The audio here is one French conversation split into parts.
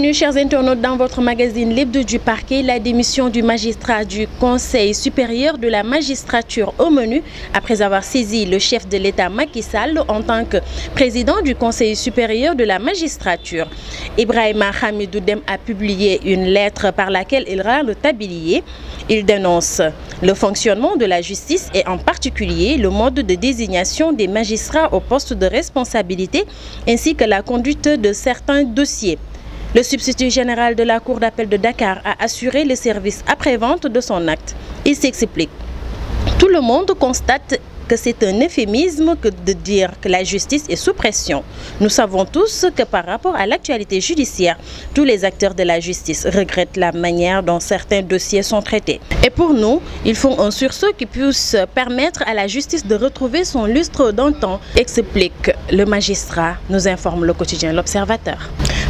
bienvenue chers internautes dans votre magazine Libre du Parquet. La démission du magistrat du Conseil supérieur de la magistrature au menu après avoir saisi le chef de l'État Macky Sall en tant que président du Conseil supérieur de la magistrature. Ibrahima Hamidoudem a publié une lettre par laquelle il rend le tablier. Il dénonce le fonctionnement de la justice et en particulier le mode de désignation des magistrats au poste de responsabilité ainsi que la conduite de certains dossiers. Le substitut général de la Cour d'appel de Dakar a assuré les services après-vente de son acte. Il s'explique. Tout le monde constate que c'est un euphémisme que de dire que la justice est sous pression. Nous savons tous que par rapport à l'actualité judiciaire, tous les acteurs de la justice regrettent la manière dont certains dossiers sont traités. Et pour nous, il faut un sursaut qui puisse permettre à la justice de retrouver son lustre d'antan, explique le magistrat, nous informe le quotidien L'Observateur.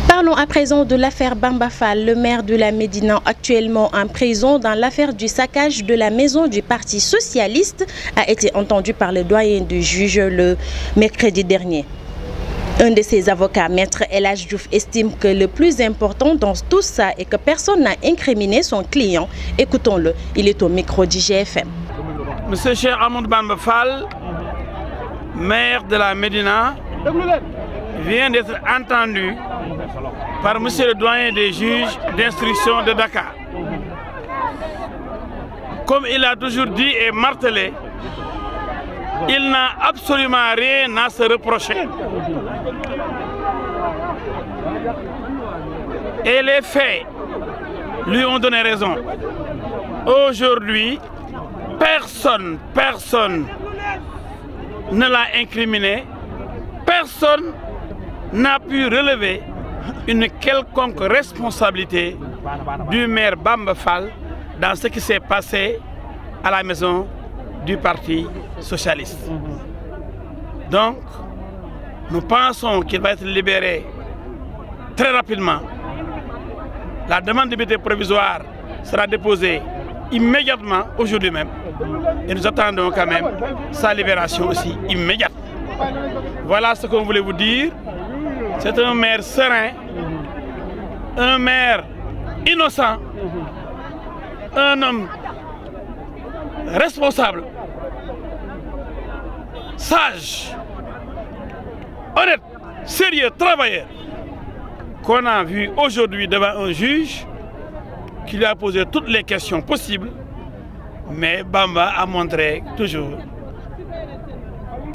Parlons à présent de l'affaire Bambafal, le maire de la Médina actuellement en prison dans l'affaire du saccage de la maison du Parti Socialiste a été entendu par le doyen du juge le mercredi dernier. Un de ses avocats, Maître El Diouf, estime que le plus important dans tout ça est que personne n'a incriminé son client. Écoutons-le, il est au micro du GFM. Monsieur Cheikh Bamba Bambafal, maire de la Médina, vient d'être entendu par M. le doyen des juges d'instruction de Dakar. Comme il a toujours dit et martelé, il n'a absolument rien à se reprocher. Et les faits lui ont donné raison. Aujourd'hui, personne, personne ne l'a incriminé, personne n'a pu relever une quelconque responsabilité du maire Bamba dans ce qui s'est passé à la maison du Parti Socialiste. Donc, nous pensons qu'il va être libéré très rapidement. La demande de liberté provisoire sera déposée immédiatement, aujourd'hui même. Et nous attendons quand même sa libération aussi immédiate. Voilà ce qu'on voulait vous dire. C'est un maire serein, un maire innocent, un homme responsable, sage, honnête, sérieux, travailleur, qu'on a vu aujourd'hui devant un juge qui lui a posé toutes les questions possibles, mais Bamba a montré toujours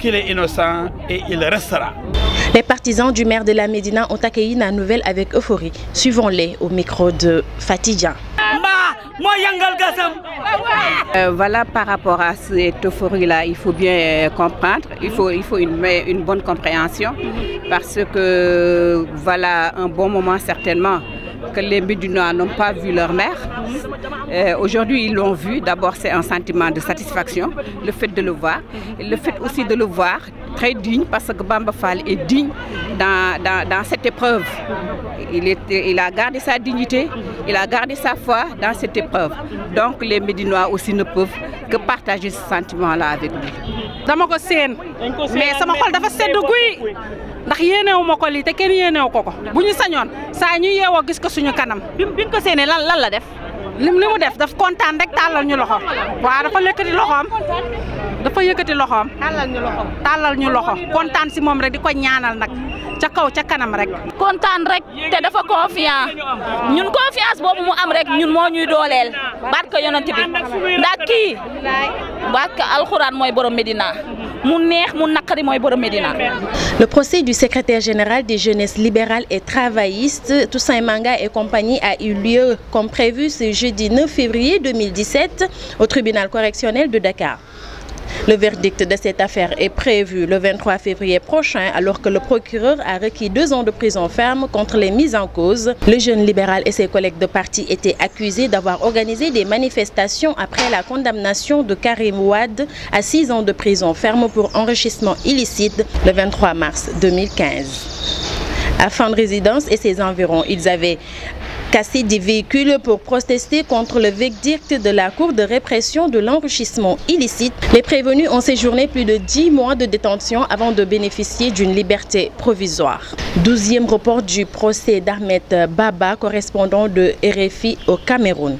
il est innocent et il restera. Les partisans du maire de la Médina ont accueilli la nouvelle avec euphorie. Suivons-les au micro de Fatidien. Euh, voilà, par rapport à cette euphorie-là, il faut bien euh, comprendre, il faut, une, une bonne compréhension parce que voilà un bon moment certainement que les Médinois n'ont pas vu leur mère. Euh, aujourd'hui, ils l'ont vu. D'abord, c'est un sentiment de satisfaction, le fait de le voir. le fait aussi de le voir très digne, parce que Bamba Fall est digne dans, cette épreuve. Il, a gardé sa dignité, il a gardé sa foi dans cette épreuve. Donc, les Médinois aussi ne peuvent que partager ce sentiment-là avec lui. Mais ça m'a ndax yéenewu ma ko lii te kenn yéenewu ko ko bu ñu sañoon saa ñu yeewoo gis ko suñu kanam bi bi ko séenee lan lan la def lim li mu def daf kontaan rek tàllal ñu loxo waaw dafa yëkkati loxoom dafa yëkkati loxoom tàllal ñu loxo tàllal ñu loxo kontaan si moom rek di ko ñaanal nag ca kaw ca kanam rek kontaan rek te dafa confiance ñun confiance boobu mu am rek ñun moo ñuy dooleel barke yonent bi ndax kii barke alxuraan mooy borom Medina Le procès du secrétaire général des jeunesses libérales et travaillistes Toussaint Manga et compagnie a eu lieu comme prévu ce jeudi 9 février 2017 au tribunal correctionnel de Dakar. Le verdict de cette affaire est prévu le 23 février prochain alors que le procureur a requis deux ans de prison ferme contre les mises en cause. Le jeune libéral et ses collègues de parti étaient accusés d'avoir organisé des manifestations après la condamnation de Karim Ouad à six ans de prison ferme pour enrichissement illicite le 23 mars 2015. À Fin de résidence et ses environs, ils avaient Cassé des véhicules pour protester contre le verdict de la Cour de répression de l'enrichissement illicite, les prévenus ont séjourné plus de 10 mois de détention avant de bénéficier d'une liberté provisoire. Douzième report du procès d'Ahmed Baba, correspondant de RFI au Cameroun.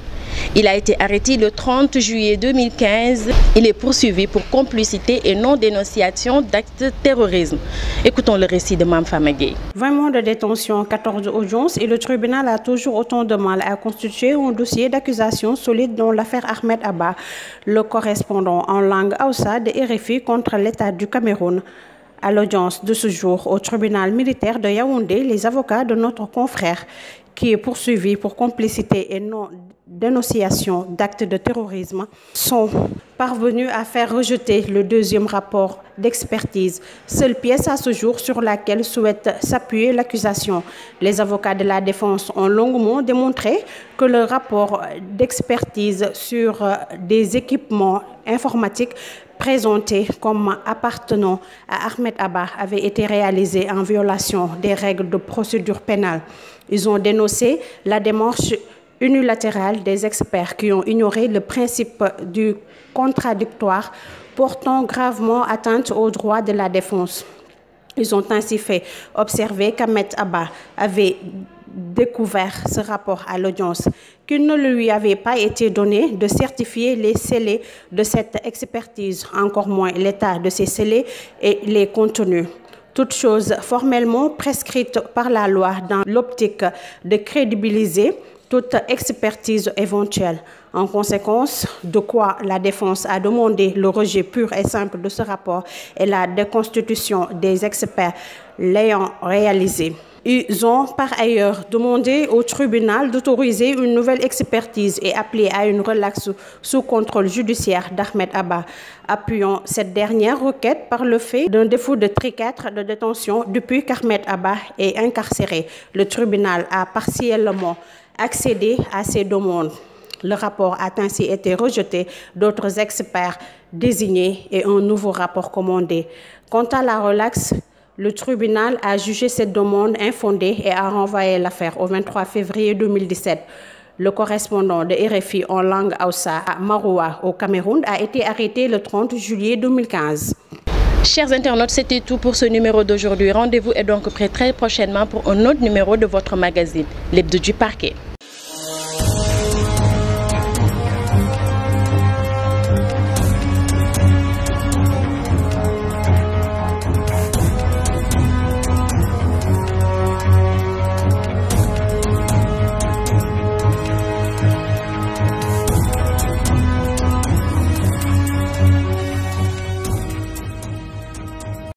Il a été arrêté le 30 juillet 2015. Il est poursuivi pour complicité et non-dénonciation d'actes de terrorisme. Écoutons le récit de Mme Famagé. 20 mois de détention, 14 audiences et le tribunal a toujours autant de mal à constituer un dossier d'accusation solide dans l'affaire Ahmed Abba, le correspondant en langue Aoussa de RFI contre l'État du Cameroun. À l'audience de ce jour au tribunal militaire de Yaoundé, les avocats de notre confrère, qui est poursuivi pour complicité et non dénonciation d'actes de terrorisme sont parvenus à faire rejeter le deuxième rapport d'expertise, seule pièce à ce jour sur laquelle souhaite s'appuyer l'accusation. Les avocats de la défense ont longuement démontré que le rapport d'expertise sur euh, des équipements informatiques présentés comme appartenant à Ahmed Abba avait été réalisé en violation des règles de procédure pénale. Ils ont dénoncé la démarche Unilatéral des experts qui ont ignoré le principe du contradictoire portant gravement atteinte aux droits de la défense. Ils ont ainsi fait observer qu'Ahmed Abba avait découvert ce rapport à l'audience, qu'il ne lui avait pas été donné de certifier les scellés de cette expertise, encore moins l'état de ces scellés et les contenus. Toute choses formellement prescrite par la loi dans l'optique de crédibiliser toute expertise éventuelle. En conséquence, de quoi la défense a demandé le rejet pur et simple de ce rapport et la déconstitution des experts l'ayant réalisé. Ils ont par ailleurs demandé au tribunal d'autoriser une nouvelle expertise et appelé à une relaxe sous contrôle judiciaire d'Ahmed Abba, appuyant cette dernière requête par le fait d'un défaut de tricatre de détention depuis qu'Ahmed Abba est incarcéré. Le tribunal a partiellement accédé à ces demandes. Le rapport a ainsi été rejeté, d'autres experts désignés et un nouveau rapport commandé. Quant à la relaxe, le tribunal a jugé cette demande infondée et a renvoyé l'affaire au 23 février 2017. Le correspondant de RFI en langue Aoussa à Maroua au Cameroun a été arrêté le 30 juillet 2015. Chers internautes, c'était tout pour ce numéro d'aujourd'hui. Rendez-vous est donc prêt très prochainement pour un autre numéro de votre magazine, l'Hebdo du Parquet.